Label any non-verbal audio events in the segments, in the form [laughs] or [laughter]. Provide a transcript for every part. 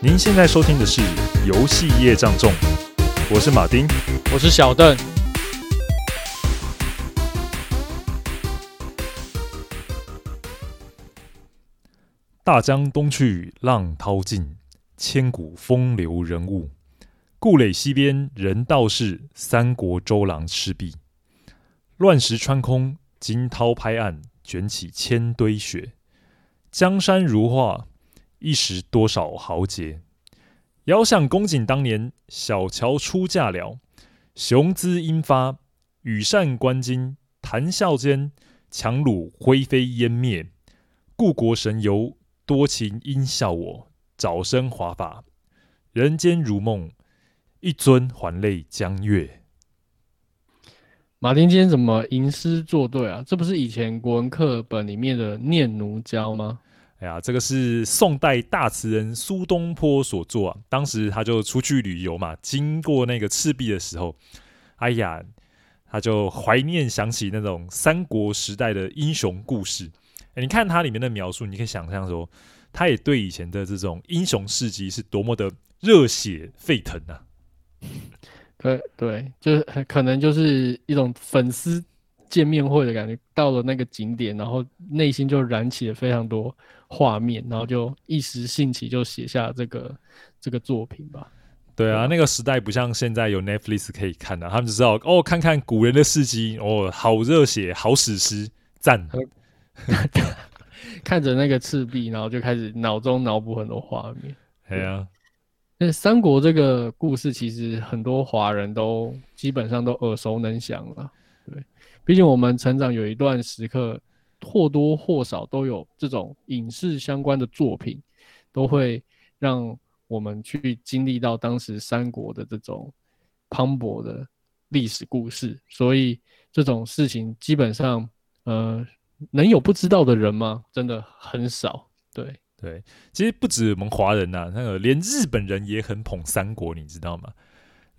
您現在收聽的是《遊戲業障重》，我是馬丁，我是小鄧。大江東去，浪淘盡，千古風流人物。故壘西邊，人道是三國周郎赤壁。亂石穿空，驚濤拍岸，捲起千堆雪。江山如畫。一時多少豪傑，遙想公瑾當年，小喬初嫁了，雄姿英發，羽扇綸巾，談笑間，檣櫓灰飛煙滅。故國神遊，多情應笑我，早生華髮。人間如夢，一尊還酹江月。馬丁，今天怎麼吟詩作對啊？這不是以前國文課本裡面的《念奴嬌》嗎？哎呀，這個是宋代大詞人蘇東坡所作啊，當時他就出去旅遊嘛，經過那個赤壁的時候，哎呀，他就懷念想起那種三國時代的英雄故事。哎，你看它裡面的描述，你可以想象說，他也對以前的這種英雄事蹟是多麼的熱血沸騰啊！對對，就是可能就是一種粉絲。見面會的感覺到了那個景點，然後內心就燃起了非常多畫面，然後就一時興起就寫下這個這個作品吧對、啊。對啊，那個時代不像現在有 Netflix 可以看的、啊，他們只知道哦，看看古人的事跡，哦，好熱血，好史詩，讚！ [laughs] [laughs] 看着那個赤壁，然後就開始腦中腦補很多畫面。對啊對，那三國這個故事其實很多華人都基本上都耳熟能詳了。畢竟我們成長有一段時刻，或多或少都有這種影視相關的作品，都會讓我們去經歷到當時三國的這種磅礴的歷史故事。所以這種事情基本上，呃，能有不知道的人嗎？真的很少。對對，其實不止我們華人吶、啊，那個連日本人也很捧三國，你知道嗎？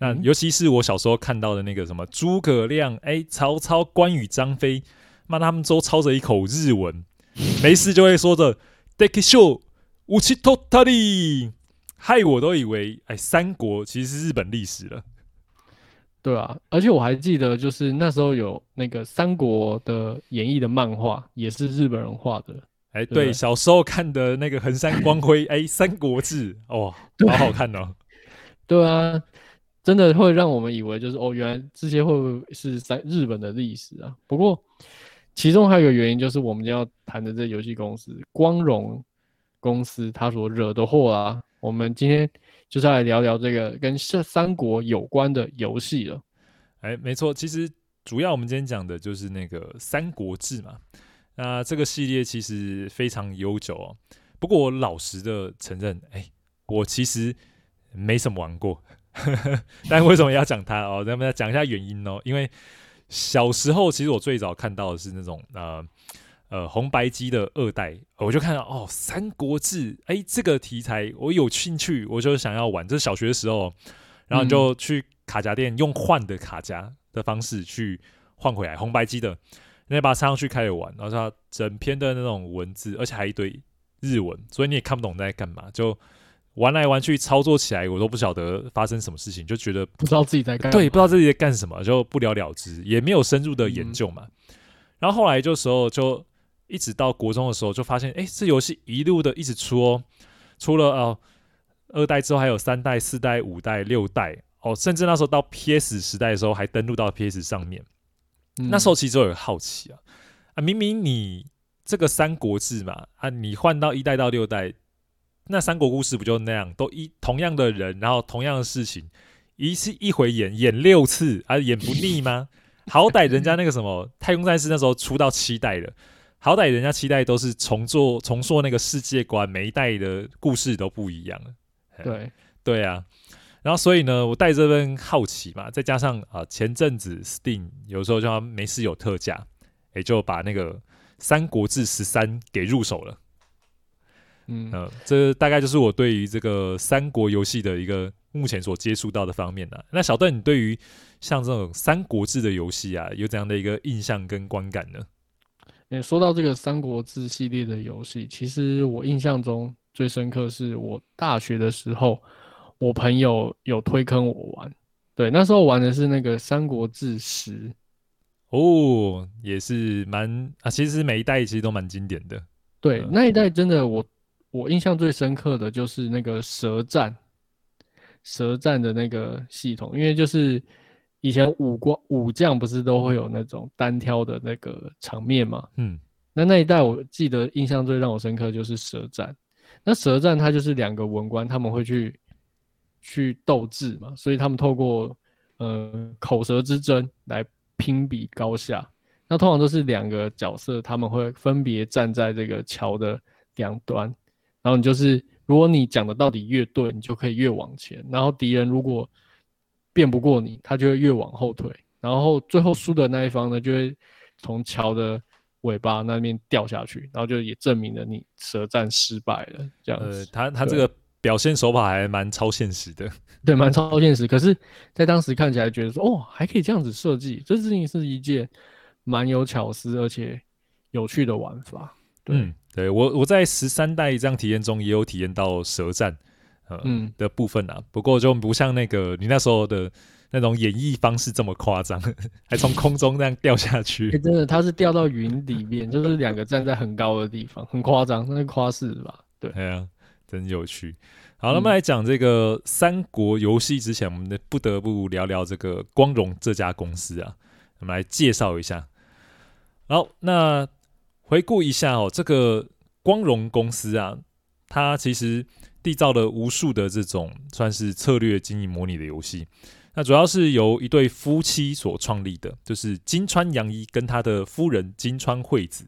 嗯、那尤其是我小時候看到的那個什麼諸葛亮，哎、欸，曹操、關羽、張飛，那他們都操着一口日文，沒事就會說着“敵將、討ち取ったり”，害我都以為哎、欸，三國其實是日本歷史了。對啊，而且我還記得，就是那時候有那個《三國》的演義的漫畫，也是日本人畫的。哎、欸，對，小時候看的那個橫山光輝，哎、欸， [laughs] 《三國志》哦，哇，好好看哦。對啊。真的會讓我們以為，就是哦，原來這些會不會是在日本的歷史啊？不過，其中還有一個原因，就是我們要談的這遊戲公司——光榮公司，它所惹的禍啊。我們今天就是來聊聊這個跟三三國有關的遊戲了。哎，沒錯，其實主要我們今天講的就是那個《三國志》嘛。那這個系列其實非常悠久哦，不過我老實的承認，哎，我其實沒什麼玩過。 [laughs] 但為什麼要講它哦？咱們來講一下原因哦。因為小時候，其實我最早看到的是那種呃呃紅白機的二代，我就看到哦《三國志》哎、欸、這個題材我有興趣，我就想要玩。這是小學的時候，然後你就去卡夾店、嗯、用換的卡夾的方式去換回來紅白機的，那把它插上去開始玩。然後它整篇的那種文字，而且還一堆日文，所以你也看不懂在幹嘛就。玩來玩去，操作起來我都不曉得發生什麼事情，就覺得不知道，不知道自己在幹，對，不知道自己在幹什麼，就不了了之，也沒有深入的研究嘛。嗯、然後後來就時候就一直到國中的時候，就發現，誒，這遊戲一路的一直出哦，出了哦二代之後，還有三代、四代、五代、六代哦，甚至那時候到 P S 時代的時候，還登陸到 P S 上面、嗯。那時候其實我有好奇啊，啊，明明你這個《三國志》嘛，啊，你換到一代到六代。那三國故事不就那樣，都一同樣的人，然後同樣的事情，一次一回演演六次啊，演不膩嗎？ [laughs] 好歹人家那個什麼《太空戰士》那時候出到七代了，好歹人家七代都是重做重做那個世界觀，每一代的故事都不一樣了、嗯、對對啊，然後所以呢，我帶這份好奇嘛，再加上啊前陣子 Steam 有時候就沒事有特價，也、欸、就把那個《三國志十三》給入手了。嗯、呃，這大概就是我對於這個三國遊戲的一個目前所接觸到的方面的、啊。那小鄧，你對於像這種三國志的遊戲啊，有怎樣的一個印象跟觀感呢？誒、欸，說到這個三國志系列的遊戲，其實我印象中最深刻是我大學的時候，我朋友有推坑我玩。對，那時候玩的是那個三國志十。哦，也是蠻啊，其實每一代其實都蠻經典的。對，呃、那一代真的我。我印象最深刻的就是那個舌戰，舌戰的那個系統，因為就是以前武官武將不是都會有那種單挑的那個場面嘛，嗯，那那一代我記得印象最讓我深刻就是舌戰，那舌戰它就是兩個文官他們會去去鬥智嘛，所以他們透過呃口舌之爭來拼比高下，那通常都是兩個角色他們會分別站在這個橋的兩端。然後你就是，如果你講的到底越對，你就可以越往前。然後敵人如果辯不過你，他就會越往後退。然後最後輸的那一方呢，就會從橋的尾巴那邊掉下去。然後就也證明了你舌戰失敗了。這樣子。呃，他他這個表現手法還蠻超現實的。對，對，蠻超現實。可是，在當時看起來覺得說，哦，還可以這樣子設計，這事情是一件蠻有巧思而且有趣的玩法。對嗯，對我我在十三代這樣體驗中也有體驗到舌戰、呃嗯，的部分啊。不過就不像那個你那時候的那種演繹方式這麼誇張，還從空中這樣掉下去。欸、真的，他是掉到雲裡面， [laughs] 就是兩個站在很高的地方，很誇張，那是誇飾吧？對，哎、欸、呀、啊，真有趣。好，那麼來講這個三國遊戲之前、嗯，我們不得不聊聊這個光榮這家公司啊。我們來介紹一下。好，那。回顧一下哦，這個光榮公司啊，它其實締造了無數的這種算是策略經營模擬的遊戲。那主要是由一對夫妻所創立的，就是金川洋一跟他的夫人金川惠子。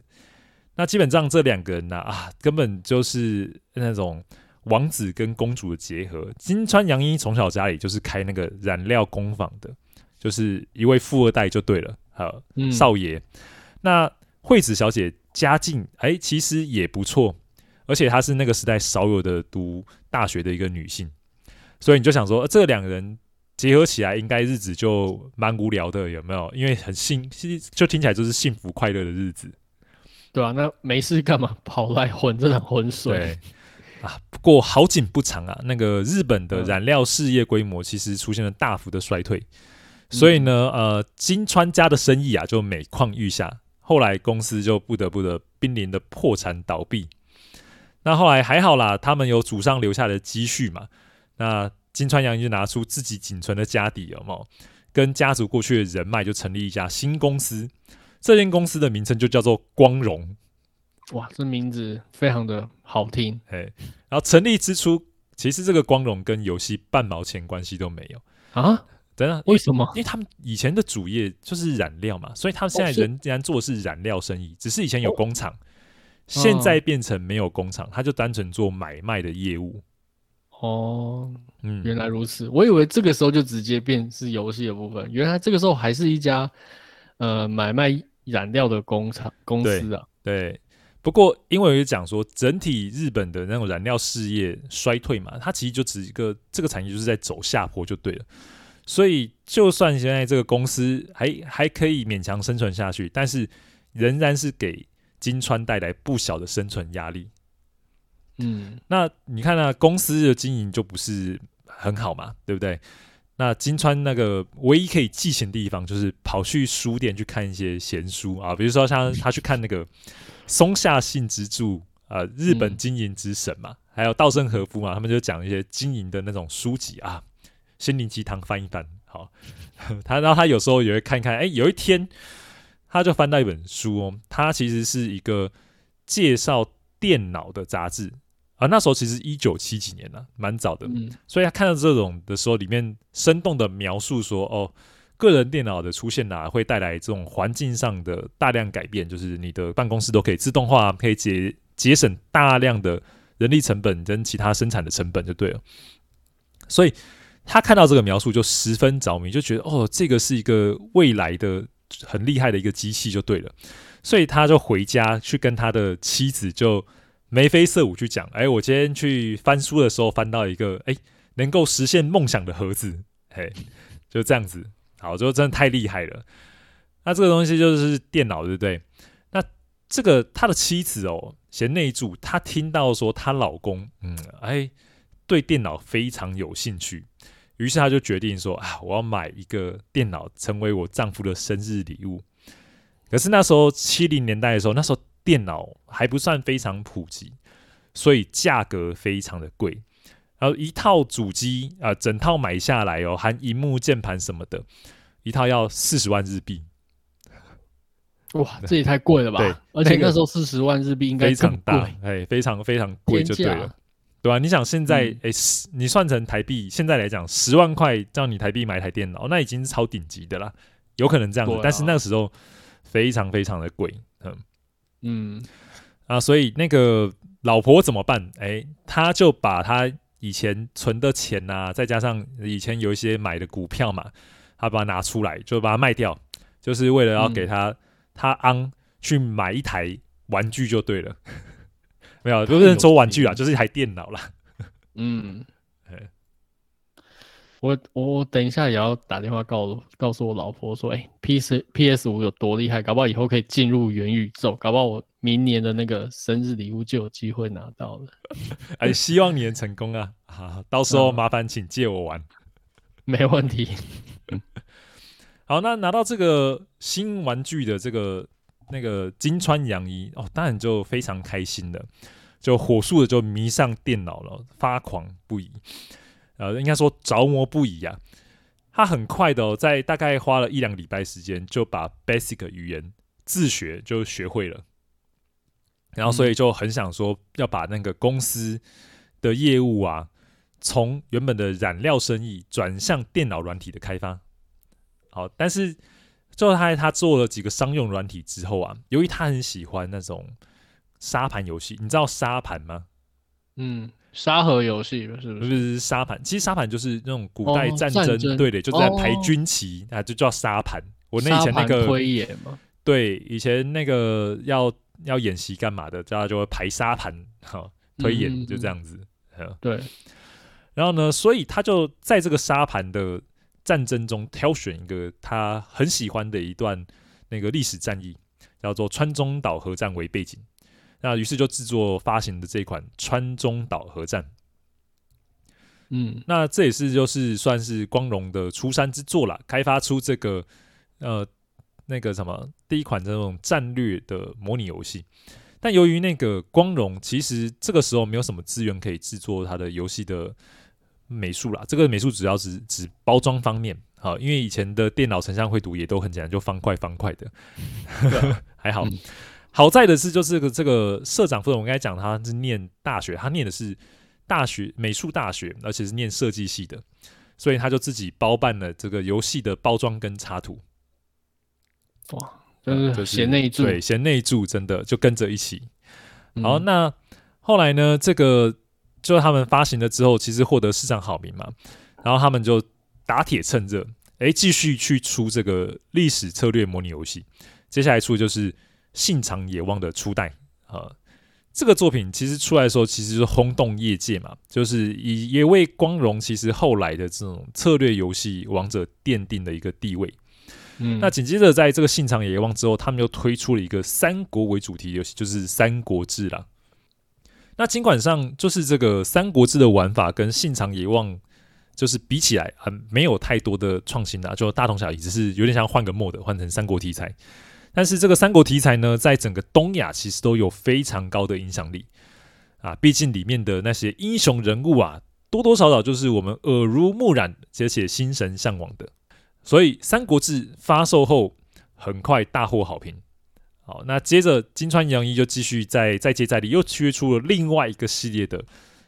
那基本上這兩個人吶啊，啊，根本就是那種王子跟公主的結合。金川洋一從小家裡就是開那個染料工坊的，就是一位富二代就對了，好、嗯、少爺。那惠子小姐。家境哎、欸，其實也不錯，而且她是那個時代少有的讀大學的一個女性，所以你就想說，呃、這兩個人結合起來，應該日子就蠻無聊的，有沒有？因為很幸就聽起來就是幸福快樂的日子，對啊。那沒事幹嘛跑來混這灘渾水 [laughs] ？啊。不過好景不長啊，那個日本的染料事業規模其實出現了大幅的衰退、嗯，所以呢，呃，金川家的生意啊就每況愈下。後來公司就不得不的瀕臨的破產倒閉，那後來還好啦，他們有祖上留下的積蓄嘛。那金川洋就拿出自己僅存的家底了有沒有，跟家族過去的人脈就成立一家新公司。這間公司的名稱就叫做光榮，哇，這名字非常的好聽哎、欸。然後成立之初，其實這個光榮跟遊戲半毛錢關係都沒有啊。真的，為什麼因為？因為他們以前的主業就是染料嘛，所以他們現在仍然、哦、做的是染料生意，只是以前有工廠、哦啊，現在變成沒有工廠，他就單純做買賣的業務。哦，嗯，原來如此，我以為這個時候就直接變是遊戲的部分，原來這個時候還是一家呃買賣染料的工廠公司啊對。對，不過因為我就講說，整體日本的那種染料事業衰退嘛，它其實就只一個這個產業就是在走下坡就對了。所以，就算現在這個公司還還可以勉強生存下去，但是仍然是給金川帶來不小的生存壓力。嗯，那你看呢、啊？公司的經營就不是很好嘛，對不對？那金川那個唯一可以寄錢的地方，就是跑去書店去看一些閒書啊，比如說像他去看那個松下幸之助，啊、呃，日本經營之神嘛，還有稻盛和夫嘛，他們就講一些經營的那種書籍啊。心靈雞湯翻一翻，好，他然後他有時候也會看看，哎，有一天他就翻到一本書哦，他其實是一個介紹電腦的雜誌，啊，那時候其實一九七幾年了，啊，蠻早的，嗯，所以他看到這種的時候，裡面生動的描述說，哦，個人電腦的出現吶，啊，會帶來這種環境上的大量改變，就是你的辦公室都可以自動化，可以節節省大量的人力成本跟其他生產的成本就對了，所以。他看到這個描述就十分着迷，就覺得哦，這個是一個未來的很厲害的一個機器就對了，所以他就回家去跟他的妻子就眉飛色舞去講，哎，我今天去翻書的時候翻到一個，哎，能夠實現夢想的盒子，哎，就這樣子，好，就真的太厲害了。那這個東西就是電腦，對不對？那這個他的妻子哦，賢內助，她聽到說她老公嗯，哎，對電腦非常有興趣。於是她就決定說：“啊，我要買一個電腦，成為我丈夫的生日禮物。”可是那時候七零年代的時候，那時候電腦還不算非常普及，所以價格非常的貴。然後一套主機啊、呃，整套買下來哦，含螢幕、鍵盤什麼的，一套要四十萬日幣。哇，這也太貴了吧！ [laughs] 對，而且那時候四十萬日幣應該非常大，哎，非常非常貴，就對了。對吧、啊？你想現在，哎、嗯，你算成台幣，現在來講十萬塊，讓你台幣買一台電腦，那已經超頂級的了，有可能這樣子。啊、但是那個時候非常非常的貴，嗯嗯啊，所以那個老婆怎麼辦？哎，他就把他以前存的錢啊，再加上以前有一些買的股票嘛，他把它拿出來，就把它賣掉，就是為了要給他他昂去買一台玩具就對了。嗯沒有，就是週玩具啊，就是一台電腦啦。嗯， [laughs] 我我等一下也要打電話告告訴我老婆說，哎，P S P S 五有多厲害，搞不好以後可以進入元宇宙，搞不好我明年的那個生日禮物就有機會拿到了。 [laughs] 哎，希望你能成功啊！好，到時候麻煩請借我玩，嗯、沒問題。 [laughs] 好，那拿到這個新玩具的這個。那個金川洋一哦，當然就非常開心的，就火速的就迷上電腦了，發狂不已，呃，應該說着魔不已呀、啊。他很快的、哦、在大概花了一兩個禮拜時間，就把 Basic 語言自學就學會了，然後所以就很想說要把那個公司的業務啊，從原本的染料生意轉向電腦軟體的開發。好，但是。最後，他他做了幾個商用軟體之後啊，由於他很喜歡那種沙盤遊戲，你知道沙盤嗎？嗯，沙盒遊戲是不是？不是沙盤，其實沙盤就是那種古代戰爭、哦、戰爭，對的，就在排軍旗、哦、啊，就叫沙盤。我那以前那個推演嘛，對，以前那個要要演習幹嘛的，叫他就會排沙盤，哈，推演、嗯、就這樣子，對。然後呢，所以他就在這個沙盤的。戰爭中挑選一個他很喜歡的一段那個歷史戰役，叫做“川中島合戰”為背景，那於是就製作發行的這一款“川中島合戰”。嗯，那這也是就是算是光榮的出山之作了，開發出這個呃那個什麼第一款這種戰略的模擬遊戲。但由於那個光榮其實這個時候沒有什麼資源可以製作他的遊戲的。美術啦，這個美術主要是指，指包裝方面，好、啊，因為以前的電腦成像繪圖也都很簡單，就方塊方塊的，嗯啊、 [laughs] 還好、嗯。好在的是，就是、這個這個社長夫人。我剛才講他是念大學，他念的是大學美術大學，而且是念設計系的，所以他就自己包辦了這個遊戲的包裝跟插圖。哇，就是賢內助，對，賢內助真的就跟着一起、嗯。好，那後來呢？這個就他們發行了之後，其實獲得市場好評嘛，然後他們就打鐵趁熱，哎、欸，繼續去出這個歷史策略模擬遊戲。接下來出的就是《信長野望》的初代啊、呃，這個作品其實出來的時候其實是轟動業界嘛，就是也也為光榮其實後來的這種策略遊戲王者奠定了一個地位。嗯、那緊接着在這個《信長野望》之後，他們又推出了一個三國為主題遊戲，就是《三國志》啦。那儘管上就是這個《三國志》的玩法跟《信長野望》就是比起來很，沒有太多的創新啊，就大同小異，只是有點像換個 mode，換成三國題材。但是這個三國題材呢，在整個東亞其實都有非常高的影響力啊，畢竟裡面的那些英雄人物啊，多多少少就是我們耳濡目染而且，且心神向往的。所以《三國志》發售後，很快大獲好評。好，那接着金川洋一就繼續再再接再厲，又推出了另外一個系列的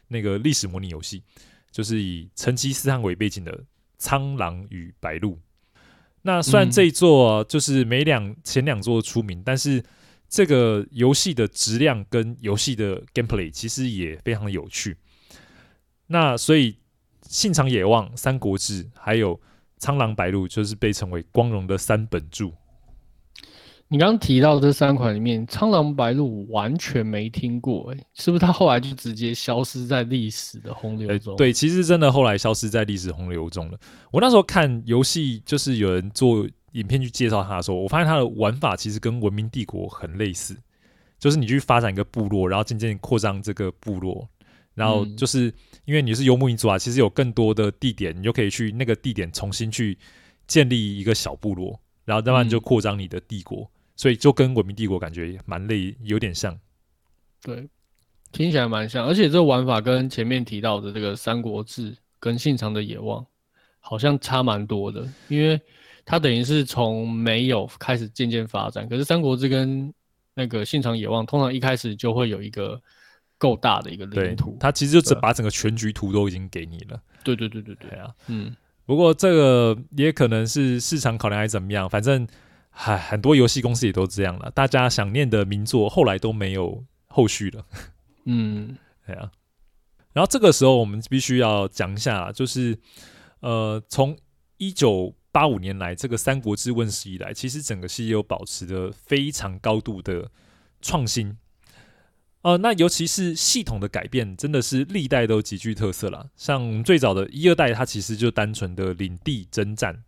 那個歷史模擬遊戲，就是以成吉思汗為背景的《蒼狼與白鹿》。那雖然這一座、啊嗯、就是每兩前兩座出名，但是這個遊戲的質量跟遊戲的 gameplay 其實也非常有趣。那所以《信長野望》《三國志》還有《蒼狼白鹿》就是被稱為光榮的三本柱。你剛剛提到這三款裡面，蒼狼白鹿完全沒聽過、欸，哎，是不是他後來就直接消失在歷史的洪流中、欸？對，其實真的後來消失在歷史洪流中了。我那時候看遊戲，就是有人做影片去介紹他的時候，我發現他的玩法其實跟文明帝國很類似，就是你去發展一個部落，然後漸漸擴張這個部落，然後就是、嗯、因為你是游牧民族啊，其實有更多的地點，你就可以去那個地點重新去建立一個小部落，然後當然就擴張你的帝國。嗯所以就跟文明帝國感覺蠻累，有點像。對，聽起來蠻像。而且這個玩法跟前面提到的這個《三國志》跟信長的野望，好像差蠻多的，因為它等於是從沒有開始漸漸發展。可是《三國志》跟那個信長野望，通常一開始就會有一個夠大的一個領土。它其實就只把整個全局圖都已經給你了。對對對對對，對啊，嗯。不過這個也可能是市場考量還是怎麼樣，反正。嗨，很多遊戲公司也都這樣了，大家想念的名作後來都沒有後續了。 [laughs] 嗯，對啊。然後這個時候，我們必須要講一下，就是呃，從一九八五年來這個《三國志》問世以來，其實整個世界又保持着非常高度的創新。呃，那尤其是系統的改變，真的是歷代都極具特色了。像最早的一二代，它其實就單純的領地征戰。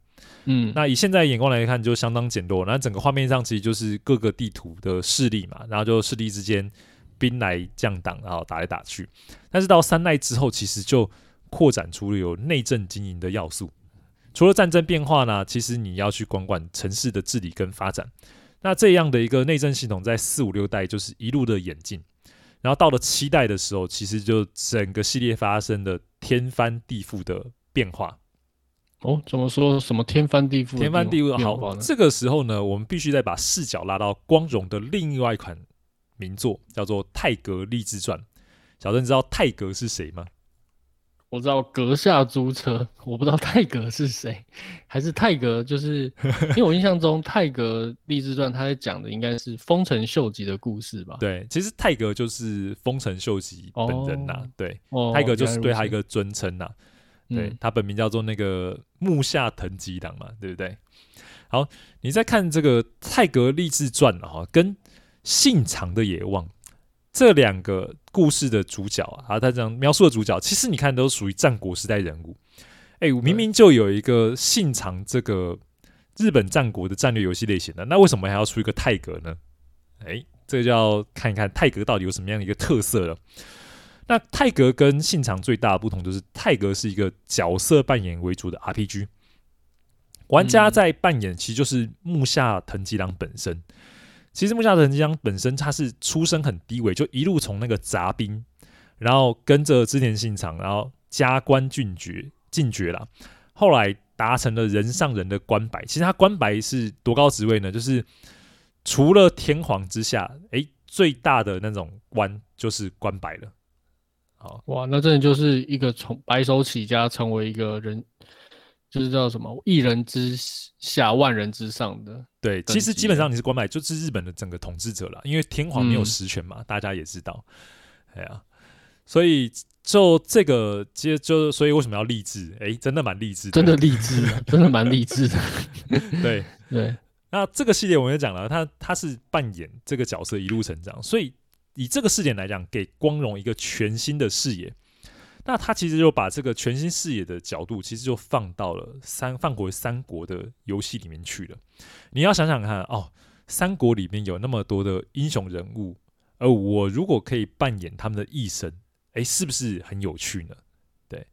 嗯，那以現在的眼光來看，就相當簡陋。那整個畫面上，其實就是各個地圖的勢力嘛，然後就勢力之間兵來將擋，然後打來打去。但是到三代之後，其實就擴展出了有內政經營的要素。除了戰爭變化呢，其實你要去管管城市的治理跟發展。那這樣的一個內政系統，在四五六代就是一路的演進，然後到了七代的時候，其實就整個系列發生了天翻地覆的變化。哦，怎麼說什麼天翻地覆，天翻地覆的。好，這個時候呢，我們必須再把視角拉到光榮的另外一款名作，叫做《太閣立志傳》。小鄭你知道太閣是誰嗎？我知道閣下租車，我不知道太閣是誰。還是太閣就是， [laughs] 因為我印象中《太閣立志傳》他在講的應該是豐臣秀吉的故事吧？對，其實太閣就是豐臣秀吉本人吶，啊哦。對、哦，太閣就是對他一個尊稱吶、啊。哦對、嗯、他本名叫做那個木下藤吉郎嘛，對不對？好，你再看這個太閤立志傳哈、啊，跟信長的野望這兩個故事的主角啊，他這樣描述的主角，其實你看都屬於戰國時代人物。哎，明明就有一個信長這個日本戰國的戰略遊戲類型的，那為什麼還要出一個太閤呢？哎，這就要看一看太閤到底有什麼樣的一個特色了。那太閤跟信長最大的不同就是，太閤是一個角色扮演為主的 RPG，玩家在扮演其實就是木下藤吉郎本身。其實木下藤吉郎本身他是出身很低微，就一路從那個雜兵，然後跟着織田信長，然後加官進爵，進爵了，後來達成了人上人的關白。其實他關白是多高職位呢？就是除了天皇之下，誒，最大的那種官就是關白了。好哇，那這裡就是一個從白手起家成為一個人，就是叫什麼“一人之下，萬人之上”的。對，其實基本上你是官拜，就是日本的整個統治者了，因為天皇沒有實權嘛，嗯、大家也知道。哎呀、啊，所以就這個，其實就所以為什麼要勵志？誒、欸，真的蠻勵志的，真的勵志、啊，真的蠻勵志的。 [laughs] 對對，對，那這個系列我們也講了，他他是扮演這個角色一路成長，所以。以這個視點來講，給光榮一個全新的視野，那他其實就把這個全新視野的角度，其實就放到了三放回三國的遊戲裡面去了。你要想想看，哦，《三國》裡面有那麼多的英雄人物，而我如果可以扮演他們的一生，誒、欸，是不是很有趣呢？對，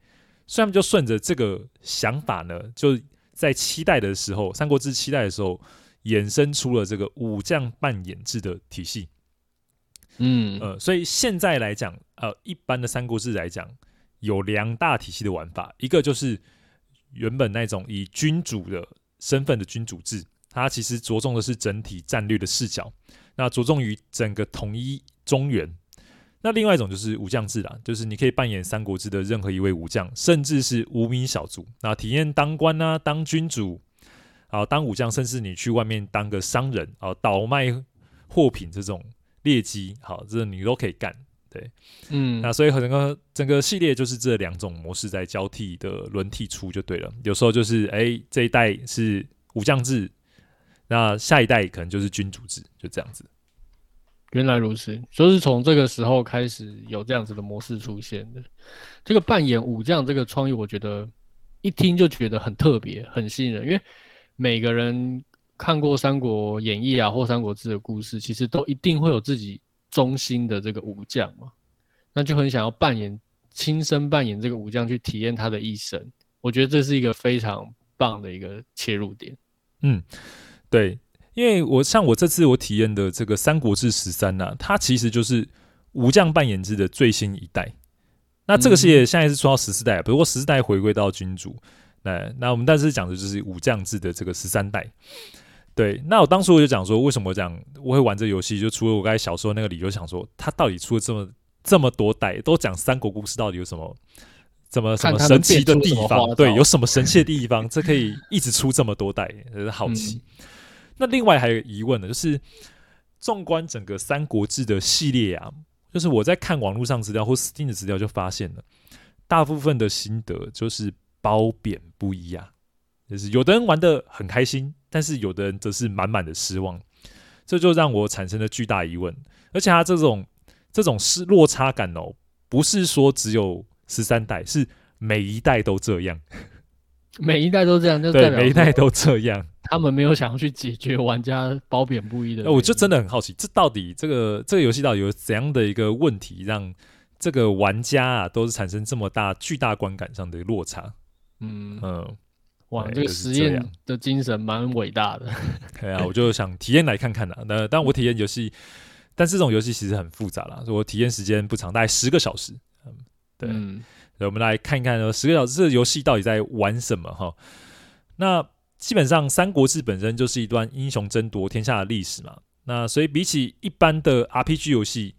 所以他們就順着這個想法呢，就在七代的時候，《三國志》七代的時候，衍生出了這個武將扮演制的體系。嗯呃，所以現在來講，呃，一般的三國志來講，有兩大體系的玩法，一個就是原本那種以君主的身份的君主制，它其實着重的是整體戰略的視角，那着重於整個統一中原。那另外一種就是武將制啦，就是你可以扮演三國志的任何一位武將，甚至是無名小卒，那體驗當官啊、當君主啊、呃，當武將，甚至你去外面當個商人啊、呃，倒賣貨品這種。劣跡好，這個、你都可以幹，對，嗯，那所以整個整個系列就是這兩種模式在交替的輪替出就對了，有時候就是誒，這一代是武將制，那下一代可能就是君主制，就這樣子。原來如此，就是從這個時候開始有這樣子的模式出現的。這個扮演武將這個創意，我覺得一聽就覺得很特別、很吸引人，因為每個人。看過《三國演義》啊，或《三國志》的故事，其實都一定會有自己忠心的這個武將嘛，那就很想要扮演親身扮演這個武將去體驗他的一生。我覺得這是一個非常棒的一個切入點。嗯，對，因為我像我這次我體驗的這個《三國志》十三呢、啊，它其實就是武將扮演制的最新一代。那這個系列現在是出到十四代、啊，不過十四代回歸到君主，那那我們但是講的就是武將制的這個十三代。對，那我當時我就講說，為什麼我講我會玩這遊戲？就除了我剛才小時候那個理由，想說他到底出了這麼這麼多代，都講三國故事，到底有什麼怎麼什麼神奇的地方？對，有什麼神奇的地方？ [laughs] 這可以一直出這麼多代，好奇。嗯、那另外還有疑問呢，就是縱觀整個《三國志》的系列啊，就是我在看網絡上資料或 Steam 的資料，就發現了大部分的心得就是褒貶不一啊，就是有的人玩的很開心。但是有的人則是滿滿的失望，這就讓我產生了巨大疑問。而且他這種這種失落差感哦，不是說只有十三代，是每一代都這樣，每一代都這樣，就是、對每一代都這樣。他們沒有想要去解決玩家褒貶不一的。那我就真的很好奇，這到底這個這個遊戲到底有怎樣的一個問題，讓這個玩家啊都是產生這麼大巨大觀感上的落差？嗯嗯。呃哇，這個實驗的精神蠻偉大的。啊就是、 [laughs] 對啊，我就想體驗來看看的、啊。那但我體驗遊戲，但是這種遊戲其實很複雜啦。所以我體驗時間不長，大概十個小時。對。嗯、我們來看一看，十個小時這遊、個、戲到底在玩什麼？哈，那基本上《三國志》本身就是一段英雄爭奪天下的歷史嘛。那所以比起一般的 RPG 遊戲。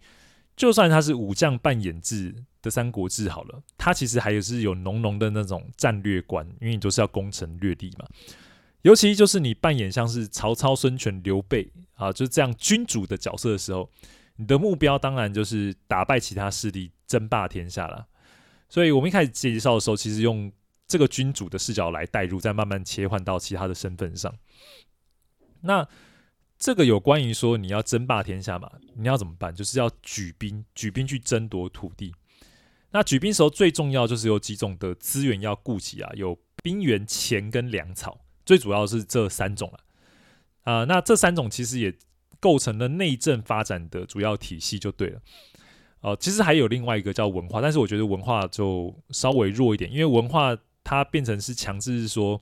就算他是武將扮演制的《三國志》好了，他其實還是有濃濃的那種戰略觀，因為你就是要攻城略地嘛。尤其就是你扮演像是曹操、孫權、劉備啊，就這樣君主的角色的時候，你的目標當然就是打敗其他勢力，爭霸天下了。所以，我們一開始介紹的時候，其實用這個君主的視角來代入，再慢慢切換到其他的身份上。那這個有關於說你要爭霸天下嘛？你要怎麼辦？就是要舉兵，舉兵去爭奪土地。那舉兵時候最重要就是有幾種的資源要顧及啊，有兵源、錢跟糧草，最主要是這三種了啊。啊，呃，那這三種其實也構成了內政發展的主要體系，就對了。呃，其實還有另外一個叫文化，但是我覺得文化就稍微弱一點，因為文化它變成是強制是說，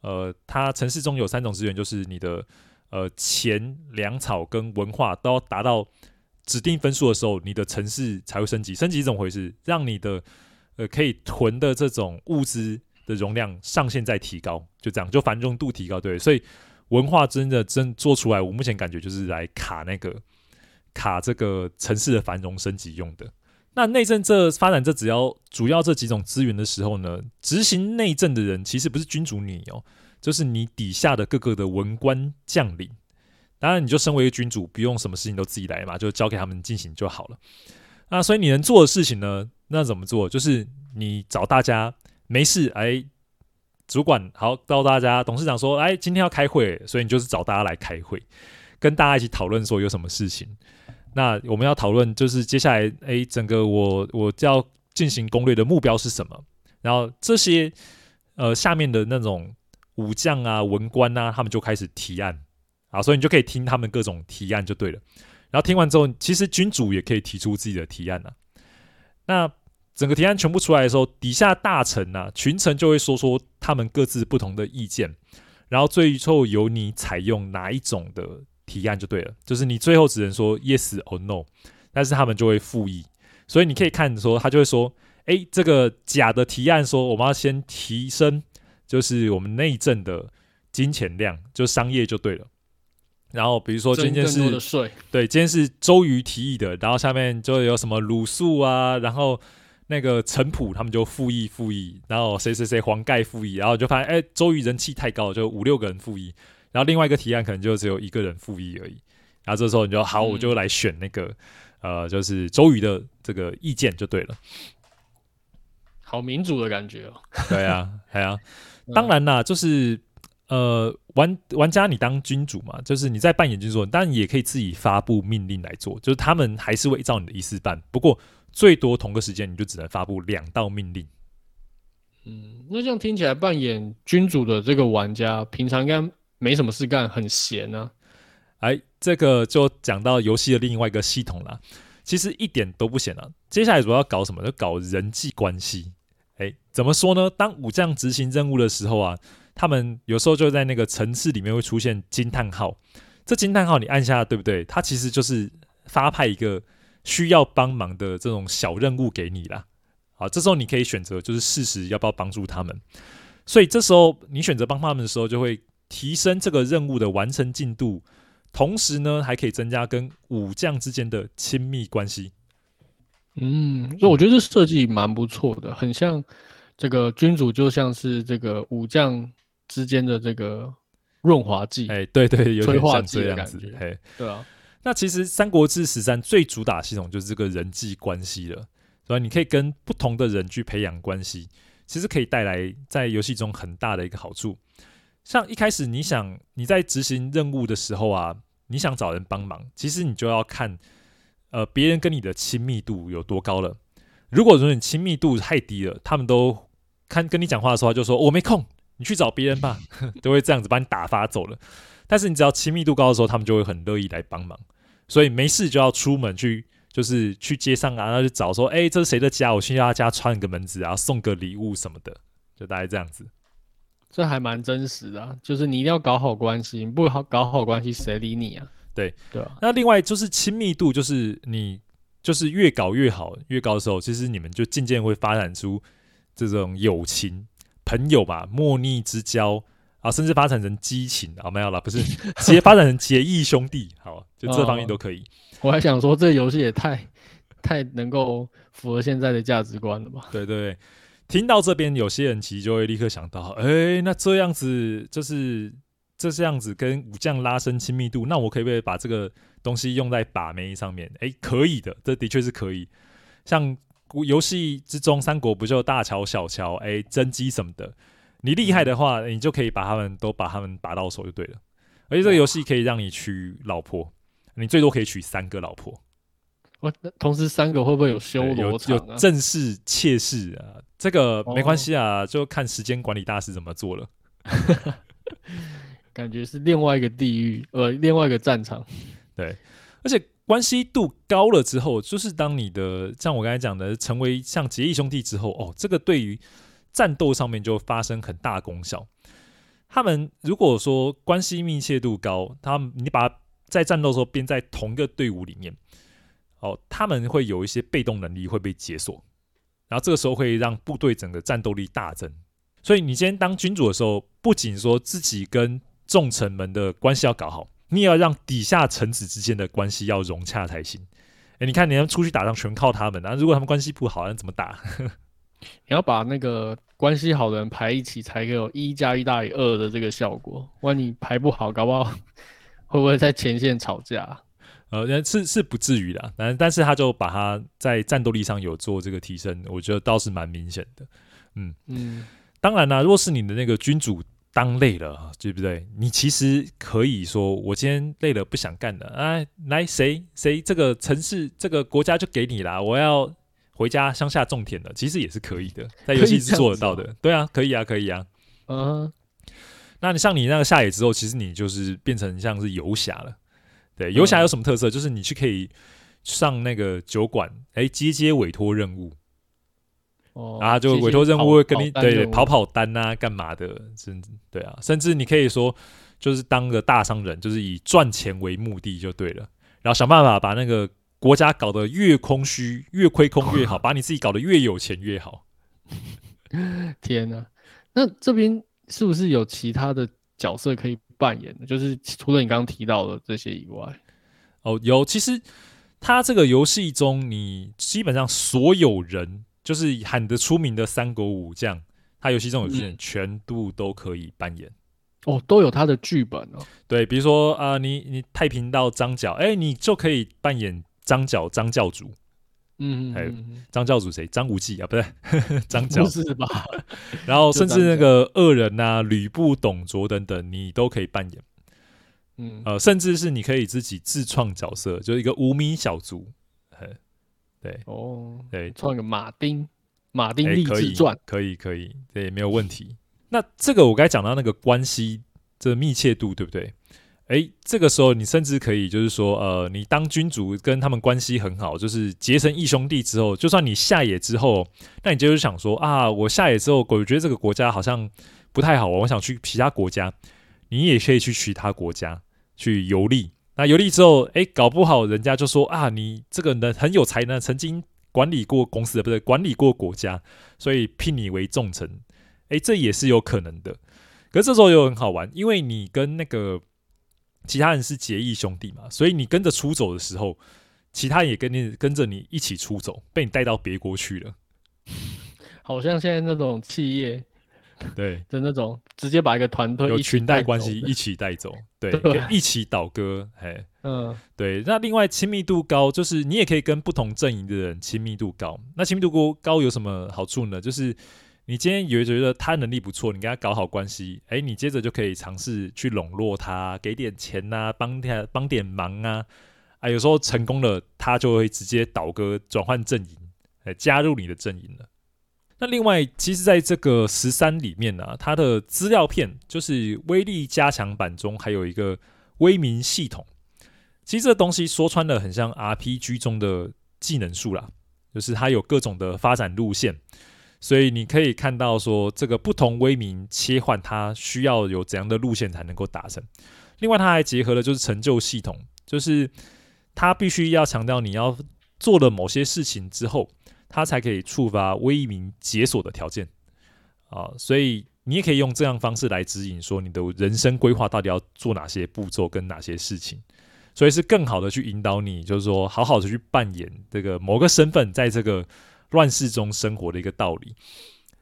呃，它城市中有三種資源，就是你的。呃，錢、糧草跟文化都要達到指定分數的時候，你的城市才會升級。升級是怎麼回事？讓你的呃可以囤的這種物資的容量上限再提高，就這樣，就繁榮度提高。對，所以文化真的真做出來，我目前感覺就是來卡那個卡這個城市的繁榮升級用的。那內政這發展這只要主要這幾種資源的時候呢，執行內政的人其實不是君主你哦。就是你底下的各個的文官將領，當然你就身為一個君主，不用什麼事情都自己來嘛，就交給他們進行就好了。那所以你能做的事情呢？那怎麼做？就是你找大家沒事，哎，主管好告訴大家，董事長說，哎，今天要開會，所以你就是找大家來開會，跟大家一起討論說有什麼事情。那我們要討論，就是接下來，哎，整個我我就要進行攻略的目標是什麼？然後這些呃下面的那種。武將啊，文官吶、啊，他們就開始提案啊，所以你就可以聽他們各種提案就對了。然後聽完之後，其實君主也可以提出自己的提案吶、啊。那整個提案全部出來的時候，底下大臣吶、啊、群臣就會說說他們各自不同的意見，然後最後由你採用哪一種的提案就對了，就是你最後只能說 yes or no，但是他們就會附議。所以你可以看說，他就會說，誒，這個假的提案說我們要先提升。就是我們內政的金錢量，就商業就對了。然後比如說今天是，對，今天是周瑜提議的，然後下面就有什麼魯肅啊，然後那個程普他們就附議附議，然後誰誰誰黃蓋附議，然後就發現哎，周瑜人氣太高，就五六個人附議，然後另外一個提案可能就只有一個人附議而已。然後這時候你就好，我就來選那個、嗯、呃，就是周瑜的這個意見就對了。好民主的感覺哦。 [laughs] 對啊，對啊。嗯、當然啦，就是呃，玩玩家，你當君主嘛，就是你在扮演君主，當然你也可以自己發佈命令來做，就是他們還是會照你的意思辦。不過最多同個時間你就只能發佈兩道命令。嗯，那這樣聽起來扮演君主的這個玩家平常應該沒什麼事幹，很閒呢、啊。哎，這個就講到遊戲的另外一個系統了。其實一點都不閒啊。接下來主要要搞什麼？就搞人際關係。怎麼說呢？當武將執行任務的時候啊，他們有時候就在那個層次裡面會出現驚嘆號。這驚嘆號你按下對不對？它其實就是發派一個需要幫忙的這種小任務給你啦。好，這時候你可以選擇就是適時要不要幫助他們。所以這時候你選擇幫他們的時候，就會提升這個任務的完成進度，同時呢還可以增加跟武將之間的親密關係。嗯，所以我覺得這設計蠻不錯的，很像這個君主就像是這個武將之間的這個潤滑劑，哎、欸，對對，有點像這樣子，催化劑的感覺，哎，對啊。那其實《三國志》十三最主打系統就是這個人際關係了，所以你可以跟不同的人去培養關係，其實可以帶來在遊戲中很大的一個好處。像一開始你想你在執行任務的時候啊，你想找人幫忙，其實你就要看。呃，別人跟你的親密度有多高了？如果說你親密度太低了，他們都看跟你講話的時候就說，我沒空，你去找別人吧，都 [laughs] 會這樣子把你打發走了。但是你只要親密度高的時候，他們就會很樂意來幫忙。所以沒事就要出門去，就是去街上啊，然後去找說，哎、欸，這是誰的家？我去叫他家串個門子啊，送個禮物什麼的，就大概這樣子。這還蠻真實的，就是你一定要搞好關係，不好搞好關係，誰理你啊？對對，那另外就是親密度，就是你就是越搞越好，越高的時候，其實你們就漸漸會發展出這種友情、朋友吧，莫逆之交啊，甚至發展成激情啊，沒有了，不是直接 [laughs] 發展成結義兄弟，好，就這方面都可以。哦、我還想說，這遊戲也太太能夠符合現在的價值觀了吧？對，對對，聽到這邊，有些人其實就會立刻想到，哎、欸，那這樣子就是。就這，這樣子跟武將拉伸親密度，那我可以不可以把這個東西用在把妹上面？哎、欸，可以的，這的確是可以。像遊戲之中三國不就大喬、小、欸、喬、哎甄姬什麼的？你厲害的話，你就可以把他們都把他們把到手就對了。而且這個遊戲可以讓你娶老婆，你最多可以娶三個老婆。那同時三個會不會有修羅場、啊欸、有，有正室、妾室啊，這個沒關係啊、哦，就看時間管理大師怎麼做了。 [laughs] 感覺是另外一個地獄，呃，另外一個戰場。對，而且關係度高了之後，就是當你的像我剛才講的，成為像結義兄弟之後，哦，這個對於戰鬥上面就發生很大功效。他們如果說關係密切度高，他們你把在戰鬥的時候編在同一個隊伍裡面，哦，他們會有一些被動能力會被解鎖，然後這個時候會讓部隊整個戰鬥力大增。所以你今天當君主的時候，不僅說自己跟眾臣們的關係要搞好，你也要讓底下臣子之間的關係要融洽才行。誒、欸，你看你要出去打仗，全靠他們啊！如果他們關係不好、啊，那怎麼打？ [laughs] 你要把那個關係好的人排一起，才有一加一大於二的這個效果。萬一排不好，搞不好會不會在前線吵架、啊？呃，是是不至於的、啊，但但是他就把他在戰鬥力上有做這個提升，我覺得倒是蠻明顯的。嗯嗯，當然啦、啊，如果是你的那個君主。當累了，對不對？你其實可以說，我今天累了，不想幹了啊！來，誰誰這個城市、這個國家就給你啦！我要回家鄉下種田了，其實也是可以的，在遊戲是做得到的。對啊，可以啊，可以啊。嗯、Uh-huh.，那你像你那個下野之後，其實你就是變成像是游俠了。對，Uh-huh. 遊俠有什麼特色？就是你去可以上那個酒館，哎、欸，接接委託任務。哦、然後就委托任務會跟你，謝謝你跑跑對，對跑跑單啊，幹嘛的？甚至對啊，甚至你可以說就是當個大商人，就是以賺錢為目的就對了。然後想辦法把那個國家搞得越空虛，越虧空越好，哦、把你自己搞得越有錢越好。哦、天吶，那這邊是不是有其他的角色可以扮演的？就是除了你剛剛提到的這些以外，哦，有。其實他這個遊戲中，你基本上所有人。就是喊得出名的三國武將，他遊戲中有些人，嗯、全部都可以扮演，哦，都有他的劇本哦。對，比如說啊、呃，你你太平道張角，哎、欸，你就可以扮演張角張教主，嗯，嗯，嗯，還有張教主誰？張無忌啊？不對，張 [laughs] 角是吧？ [laughs] 然後甚至那個惡人吶、啊，呂布、董卓等等，你都可以扮演。嗯，呃，甚至是你可以自己自創角色，就一個無名小卒。對，哦，對，創一個馬丁，馬丁立志傳。欸，可以，可以，可以，對，沒有問題。那這個我剛才講到那個關係的密切度，對不對？哎、欸，這個時候你甚至可以，就是說，呃，你當君主跟他們關係很好，就是結成義兄弟之後，就算你下野之後，那你就是想說啊，我下野之後，我覺得這個國家好像不太好，我想去其他國家，你也可以去其他國家去遊歷。那遊歷之後，哎、欸，搞不好人家就說啊，你這個人很有才能，曾經管理過公司，不對，管理過國家，所以聘你為重臣，哎、欸，這也是有可能的。可是這時候又很好玩，因為你跟那個其他人是結義兄弟嘛，所以你跟着出走的時候，其他人也跟你跟着你一起出走，被你帶到別國去了，好像現在那種企業。對，就那種直接把一個團隊一起有裙帶關係一起帶走，對，對啊、一起倒戈，嘿。嗯，對。那另外親密度高，就是你也可以跟不同陣營的人親密度高。那親密度高有什麼好處呢？就是你今天以為覺得他能力不錯，你跟他搞好關係，哎，你接着就可以嘗試去籠絡他，給點錢吶、啊，幫他幫點忙啊，啊，有時候成功了，他就會直接倒戈轉換陣營，哎，加入你的陣營了。那另外，其實在這個十三裡面呢，啊，它的資料片就是威力加強版中，還有一個威名系統。其實這東西說穿了，很像 RPG 中的技能樹啦，就是它有各種的發展路線，所以你可以看到說，這個不同威名切換，它需要有怎樣的路線才能夠達成。另外，它還結合了就是成就系統，就是它必須要強調你要做了某些事情之後。他才可以觸發威名解鎖的條件啊，所以你也可以用這樣方式來指引，說你的人生規劃到底要做哪些步驟跟哪些事情，所以是更好的去引導你，就是說好好的去扮演這個某個身份，在這個亂世中生活的一個道理。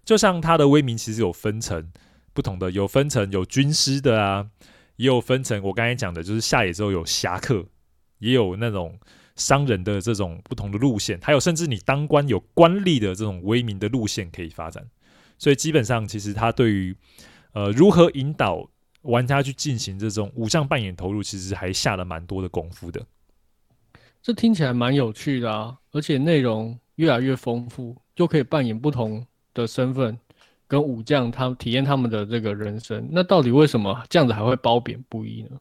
就像他的威名其實有分層，不同的有分層，有軍師的啊，也有分層。我剛才講的就是下野之後有俠客，也有那種。商人的這種不同的路線，還有甚至你當官有官吏的這種威名的路線可以發展，所以基本上其實他對於呃如何引導玩家去進行這種武將扮演投入，其實還下了蠻多的功夫的。這聽起來蠻有趣的啊，而且內容越來越豐富，又可以扮演不同的身份，跟武將他體驗他們的這個人生。那到底為什麼這樣子還會褒貶不一呢？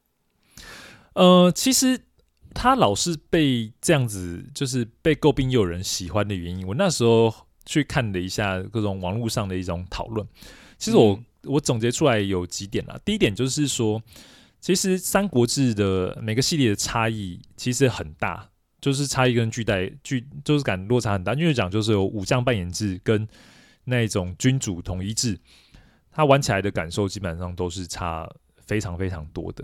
呃，其實。他老是被這樣子，就是被詬病又有人喜歡的原因。我那時候去看了一下各種網絡上的一種討論，其實我、嗯、我總結出來有幾點啦，第一點就是說，其實《三國志》的每個系列的差異其實很大，就是差異跟巨大巨，就是感覺落差很大。因為講就是有武將扮演制跟那種君主統一制，他玩起來的感受基本上都是差非常非常多的。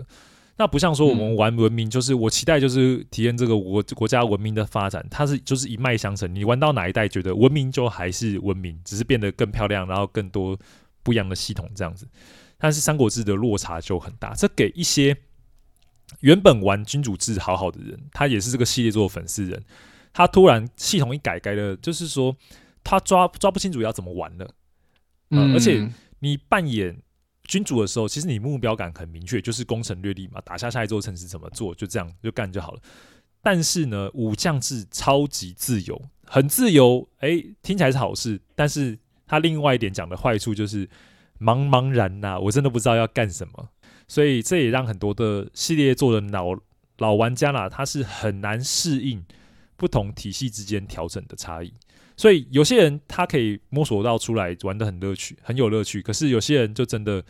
那不像說我們玩文明，就是我期待就是體驗這個國國家文明的發展，它是就是一脈相承。你玩到哪一代，覺得文明就還是文明，只是變得更漂亮，然後更多不一樣的系統這樣子。但是《三國志》的落差就很大，這給一些原本玩君主制好好的人，他也是這個系列做粉絲人，他突然系統一改改了，就是說他抓抓不清楚要怎麼玩了。嗯，而且你扮演。君主的時候，其實你目標感很明確，就是攻城略地嘛，打下下一座城市怎麼做，就這樣就幹就好了。但是呢，武將是超級自由，很自由，欸，聽起來是好事，但是它另外一點講的壞處就是茫茫然吶，我真的不知道要幹什麼。所以這也讓很多的系列做的老老玩家啦，他是很難適應不同體系之間調整的差異。所以有些人他可以摸索到出來玩得很樂趣，很有樂趣。可是有些人就真的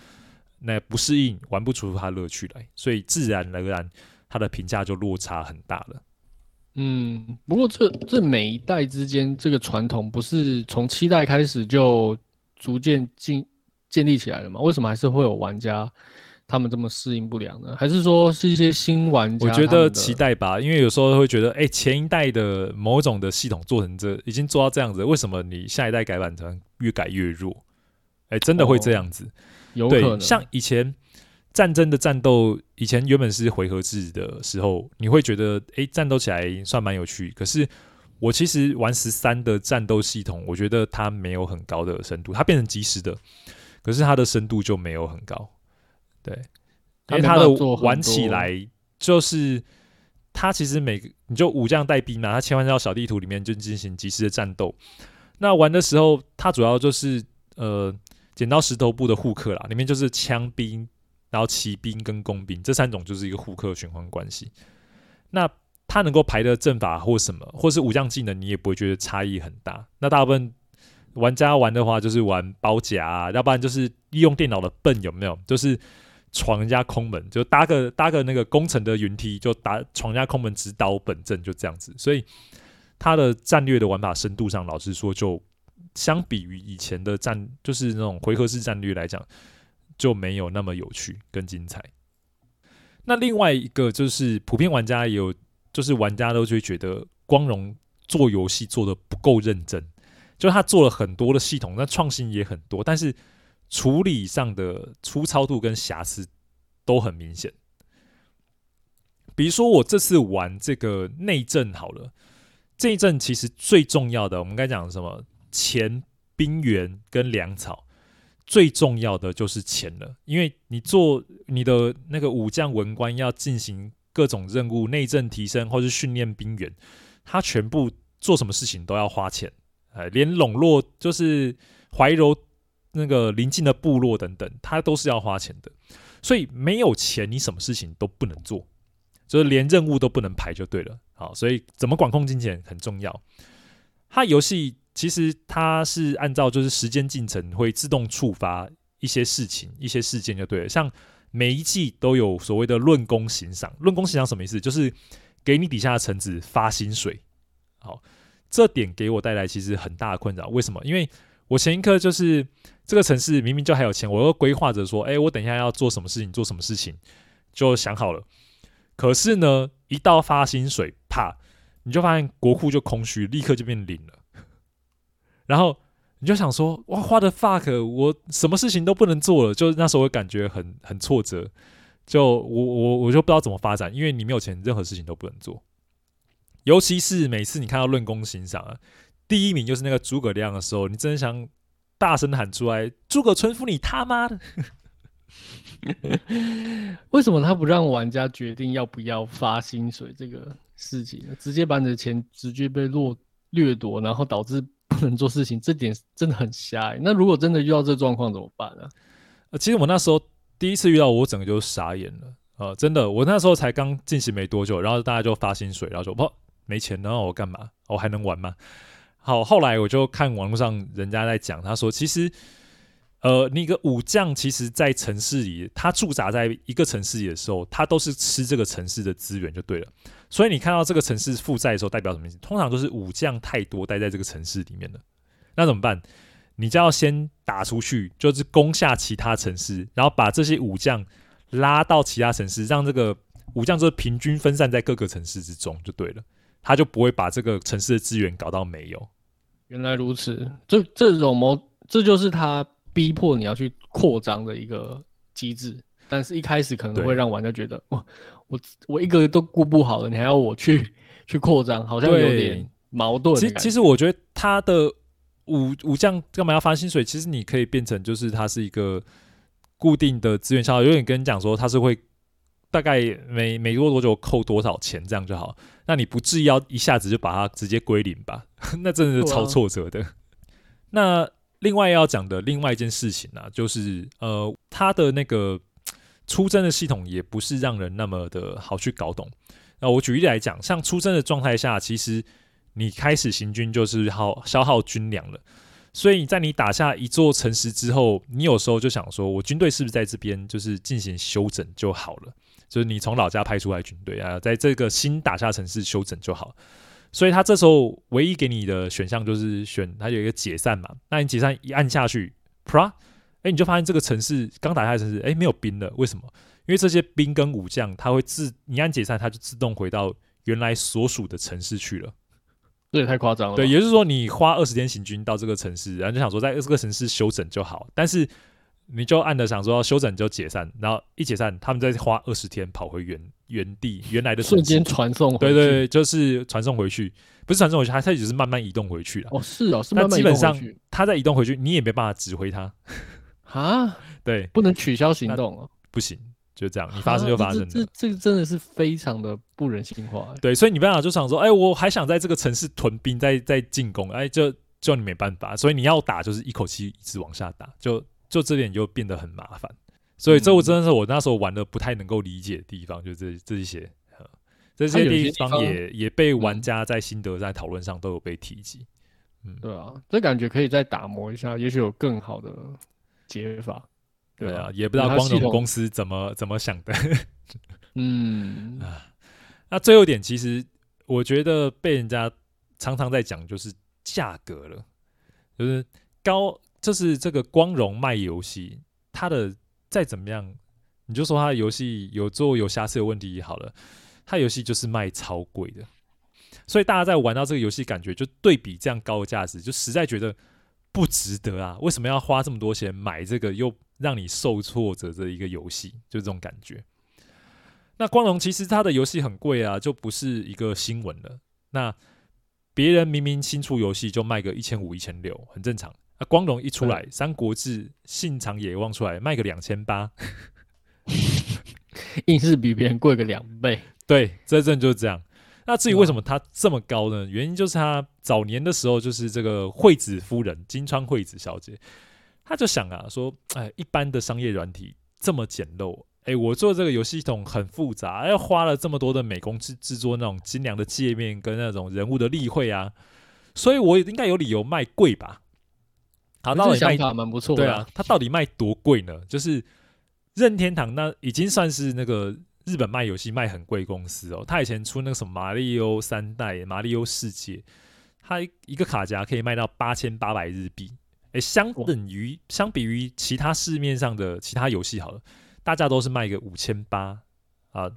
那不適應，玩不出他樂趣來，所以自然而然他的評價就落差很大了。嗯，不過這這每一代之間這個傳統不是從七代開始就逐漸進建立起來了嗎？為什麼還是會有玩家？他們這麼適應不了呢？還是說是一些新玩家？我覺得期待吧，因為有時候會覺得，哎、欸，前一代的某種的系統做成這，已經做到這樣子，為什麼你下一代改版成越改越弱？哎、欸，真的會這樣子？哦、有可能。像以前戰爭的戰鬥，以前原本是回合制的時候，你會覺得，哎、欸，戰鬥起來算蠻有趣。可是我其實玩十三的戰鬥系統，我覺得它沒有很高的深度，它變成即時的，可是它的深度就沒有很高。對，因為他的玩起來就是他其實每個你就武將帶兵嘛，他切換到小地圖裡面就進行即時的戰鬥。那玩的時候，他主要就是呃，剪刀石頭布的互克啦，裡面就是槍兵，然後騎兵跟弓兵這三種就是一個互克循環關係。那他能夠排的陣法或什麼，或是武將技能，你也不會覺得差異很大。那大部分玩家玩的話，就是玩包夾啊，要不然就是利用電腦的笨有沒有？就是。闖人家空門，就搭個搭個那個攻城的雲梯，就打闖人家空門，直搗本陣，就這樣子。所以他的戰略的玩法深度上，老實說，就相比於以前的戰，就是那種回合制戰略來講，就沒有那麼有趣跟精彩。那另外一個就是，普遍玩家也有，就是玩家都會覺得光榮做遊戲做得不夠認真，就是他做了很多的系統，那創新也很多，但是。處理上的粗糙度跟瑕疵都很明顯。比如說，我這次玩這個內政好了，這一陣其實最重要的，我們剛才講什麼？錢、兵員跟糧草，最重要的就是錢了。因為你做你的那個武將、文官要進行各種任務、內政提升或是訓練兵員，他全部做什麼事情都要花錢。呃，連籠絡就是懷柔。那個臨近的部落等等，它都是要花錢的，所以沒有錢，你什麼事情都不能做，就是連任務都不能排就對了。好，所以怎麼管控金錢很重要。它遊戲其實它是按照就是時間進程會自動觸發一些事情、一些事件就對了。像每一季都有所謂的論功行賞，論功行賞什麼意思？就是給你底下的臣子發薪水。好，這點給我帶來其實很大的困擾。為什麼？因為我前一刻就是這個城市明明就還有錢，我又規劃着說：“哎、欸，我等一下要做什麼事情，做什麼事情，就想好了。”可是呢，一到發薪水，啪，你就發現國庫就空虛，立刻就變零了。然後你就想說：“哇，what the fuck，我什麼事情都不能做了。”就那時候我感覺很很挫折，就我我我就不知道怎麼發展，因為你沒有錢，任何事情都不能做。尤其是每次你看到論功行賞啊。第一名就是那個諸葛亮的時候，你真的想大聲喊出來：“諸葛村夫，你他媽的！” [laughs] [laughs] 為什麼他不讓玩家決定要不要發薪水這個事情呢？直接把你的錢直接被落掠奪，然後導致不能做事情，這點真的很瞎耶。那如果真的遇到這狀況怎麼辦呢、啊呃？其實我那時候第一次遇到，我整個就傻眼了。呃，真的，我那時候才剛進行沒多久，然後大家就發薪水，然後說：“不，沒錢，然後我幹嘛？我還能玩嗎？”好，後來我就看網絡上人家在講，他說其實，呃，那個武將其實，在城市裡，他駐紮在一個城市裡的時候，他都是吃這個城市的資源就對了。所以你看到這個城市負債的時候，代表什麼意思？通常都是武將太多待在這個城市裡面了。那怎麼辦？你就要先打出去，就是攻下其他城市，然後把這些武將拉到其他城市，讓這個武將就是平均分散在各個城市之中就對了，他就不會把這個城市的資源搞到沒有。原來如此，這這種模，這就是他逼迫你要去擴張的一個機制。但是，一開始可能會讓玩家覺得，哇，我我我一個都顧不好了，你還要我去去擴張，好像有點矛盾。其實，其實我覺得他的武武將幹嘛要發薪水？其實你可以變成就是它是一個固定的資源消耗，有點跟你講說它是會。大概每每個多，多久扣多少錢這樣就好，那你不至於要一下子就把它直接歸零吧？ [laughs] 那真的是超挫折的。Oh. [laughs] 那另外要講的另外一件事情呢、啊，就是呃，他的那個出征的系統也不是讓人那麼的好去搞懂。那我舉例來講，像出征的狀態下，其實你開始行軍就是耗消耗軍糧了，所以你在你打下一座城池之後，你有時候就想說，我軍隊是不是在這邊就是進行休整就好了？就是你從老家派出來軍隊啊，在這個新打下城市休整就好，所以他這時候唯一給你的選項就是選他有一個解散嘛，那你解散一按下去，啪，哎，你就發現這個城市剛打下的城市，哎、欸，沒有兵了，為什麼？因為這些兵跟武將他會自你按解散，他就自動回到原來所屬的城市去了，這也太誇張了。對，也就是說你花二十天行軍到這個城市，然後就想說在這個城市休整就好，但是。你就按着，想說休整就解散，然後一解散，他們再花二十天跑回原原地原來的瞬間傳送回去。對對對，就是傳送回去，不是傳送回去，他他只是慢慢移動回去了。哦，是哦，是慢慢移動回去。那基本上他再移動回去，你也沒辦法指揮他啊？對，不能取消行動了、啊，不行，就這樣，你發生就發生。這這個真的是非常的不人性化、欸。對，所以你沒辦法就想說，哎、欸，我還想在這個城市屯兵再再進攻，哎、欸，就就你沒辦法，所以你要打就是一口氣一直往下打就。就這點就變得很麻煩，所以這我真的是我那時候玩的不太能夠理解的地方，嗯、就這這一些，些、嗯，這些地方也也被玩家在心得在討論上都有被提及、嗯。對啊，這感覺可以再打磨一下，也許有更好的解法對。對啊，也不知道光榮公司怎麼怎麼想的 [laughs] 嗯。嗯啊，那最後一點，其實我覺得被人家常常在講就是價格了，就是高。就是這個光榮賣遊戲，它的再怎麼樣，你就說它的遊戲有做有瑕疵的問題好了，它遊戲就是賣超貴的，所以大家在玩到這個遊戲，感覺就對比這樣高的價值，就實在覺得不值得啊！為什麼要花這麼多錢買這個又讓你受挫折的一個遊戲？就這種感覺。那光榮其實他的遊戲很貴啊，就不是一個新聞了。那別人明明新出遊戲就賣個一千五、一千六，很正常。啊！光榮一出來，《三國志信長野望》出來，賣個兩千八， [laughs] 硬是比別人貴個兩倍。對，這陣就是這樣。那至於為什麼它這麼高呢？原因就是他早年的時候，就是這個惠子夫人金川惠子小姐，她就想啊，說：“哎，一般的商業軟體這麼簡陋，哎，我做這個遊戲系統很複雜，要花了這麼多的美工制制作那種精良的界面跟那種人物的立繪啊，所以我應該有理由賣貴吧。”他到底賣多貴？對啊，他到底賣多貴呢？就是任天堂那已經算是那個日本賣遊戲賣很貴公司哦。他以前出那個什麼《馬里奧三代》《馬里奧世界》，他一個卡夾可以賣到八千八百日幣，誒，相等於相比於其他市面上的其他遊戲，好了，大家都是賣個五千八啊，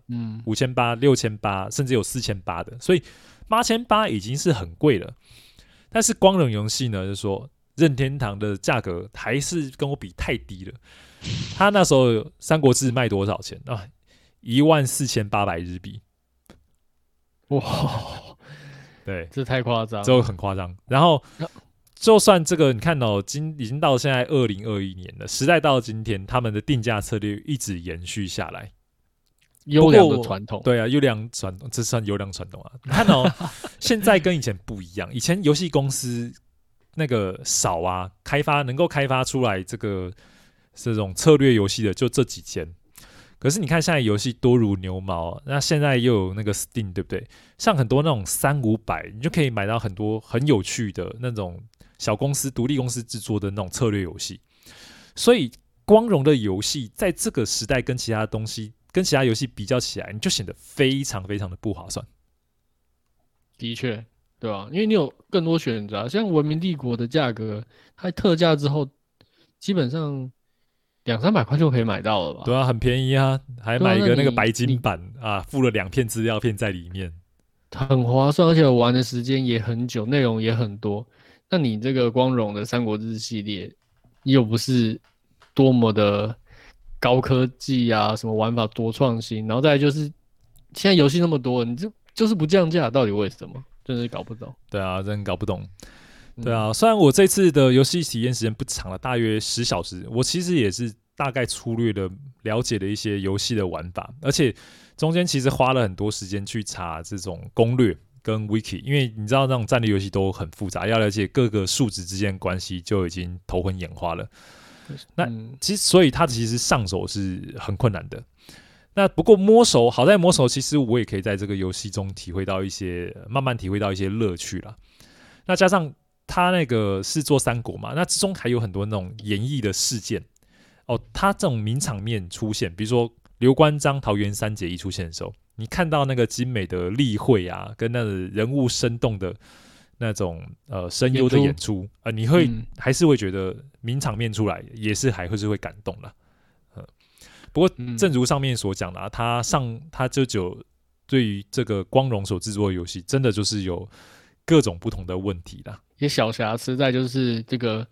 五千八、六千八，甚至有四千八的，所以八千八已經是很貴了。但是光榮遊戲呢，就是說。任天堂的價格還是跟我比太低了。他那時候《三國志》賣多少錢啊？一萬四千八百日幣。哇，對，這太誇張，就很誇張。然後，就算這個，你看哦，今已經到現在二零二一年了，時代到今天，他們的定價策略一直延續下來，優良的傳統。對啊，優良傳統，這算優良傳統啊。你 [laughs] 看哦，現在跟以前不一樣，以前遊戲公司。那個少啊，開發能夠開發出來這個這種策略遊戲的就這幾間。可是你看現在遊戲多如牛毛，那現在又有那個 Steam，對不對？像很多那種三五百，你就可以買到很多很有趣的那種小公司、獨立公司製作的那種策略遊戲。所以，光榮的遊戲在這個時代跟其他東西、跟其他遊戲比較起來，你就顯得非常非常的不划算。的確。對啊，因為你有更多選擇啊，像《文明帝國》的價格，它特價之後，基本上兩三百塊就可以買到了吧？對啊，很便宜啊，還買一個那個白金版啊，啊，附了兩片資料片在裡面，很划算，而且玩的時間也很久，內容也很多。那你這個光榮的《三國志》系列，又不是多麼的高科技啊，什麼玩法多創新，然後再來就是現在遊戲那麼多，你就就是不降價，到底為什麼？真、就是搞不懂，對啊，真搞不懂，對啊。嗯、雖然我這次的遊戲體驗時間不長了，大約十小時，我其實也是大概粗略的了，了解了一些遊戲的玩法，而且中間其實花了很多時間去查這種攻略跟 wiki，因為你知道那種戰略遊戲都很複雜，要了解各個數值之間的關係就已經頭昏眼花了。嗯、那其實，所以它其實上手是很困難的。那不過摸熟，好在摸熟，其實我也可以在這個遊戲中體會到一些，慢慢體會到一些樂趣啦。那加上他那個是做三國嘛，那之中還有很多那種演繹的事件哦，他這種名場面出現，比如說劉關張桃園三結義出現的時候，你看到那個精美的立繪啊，跟那個人物生動的那種呃聲優的演出，啊、呃，你會、嗯、還是會覺得名場面出來也是還會是會感動的。不過，正如上面所講的、啊嗯，他上他就有對於這個光榮所制作的遊戲，真的就是有各種不同的問題啦。一些小瑕疵，在就是這個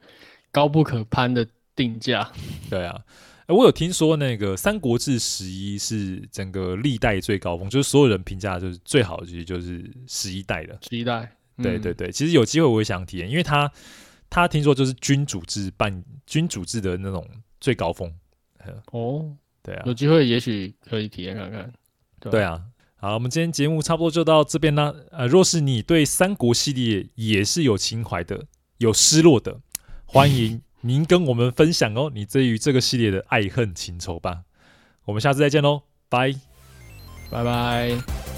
高不可攀的定價。 [laughs] 對啊、呃，我有聽說那個《三國志十一》是整個歷代最高峰，就是所有人評價就是最好的其實就是十一代的十一代、嗯。對對對，其實有機會我也想體驗，因為他他聽說就是君主制半君主制的那種最高峰哦。對啊，有機會也許可以體驗看看，對啊。對啊，好，我們今天節目差不多就到這邊啦。呃，若是你對三國系列也是有情懷的、有失落的，歡迎您跟我們分享哦， [laughs] 你對於這個系列的愛恨情仇吧。我們下次再見嘍，拜拜拜。Bye bye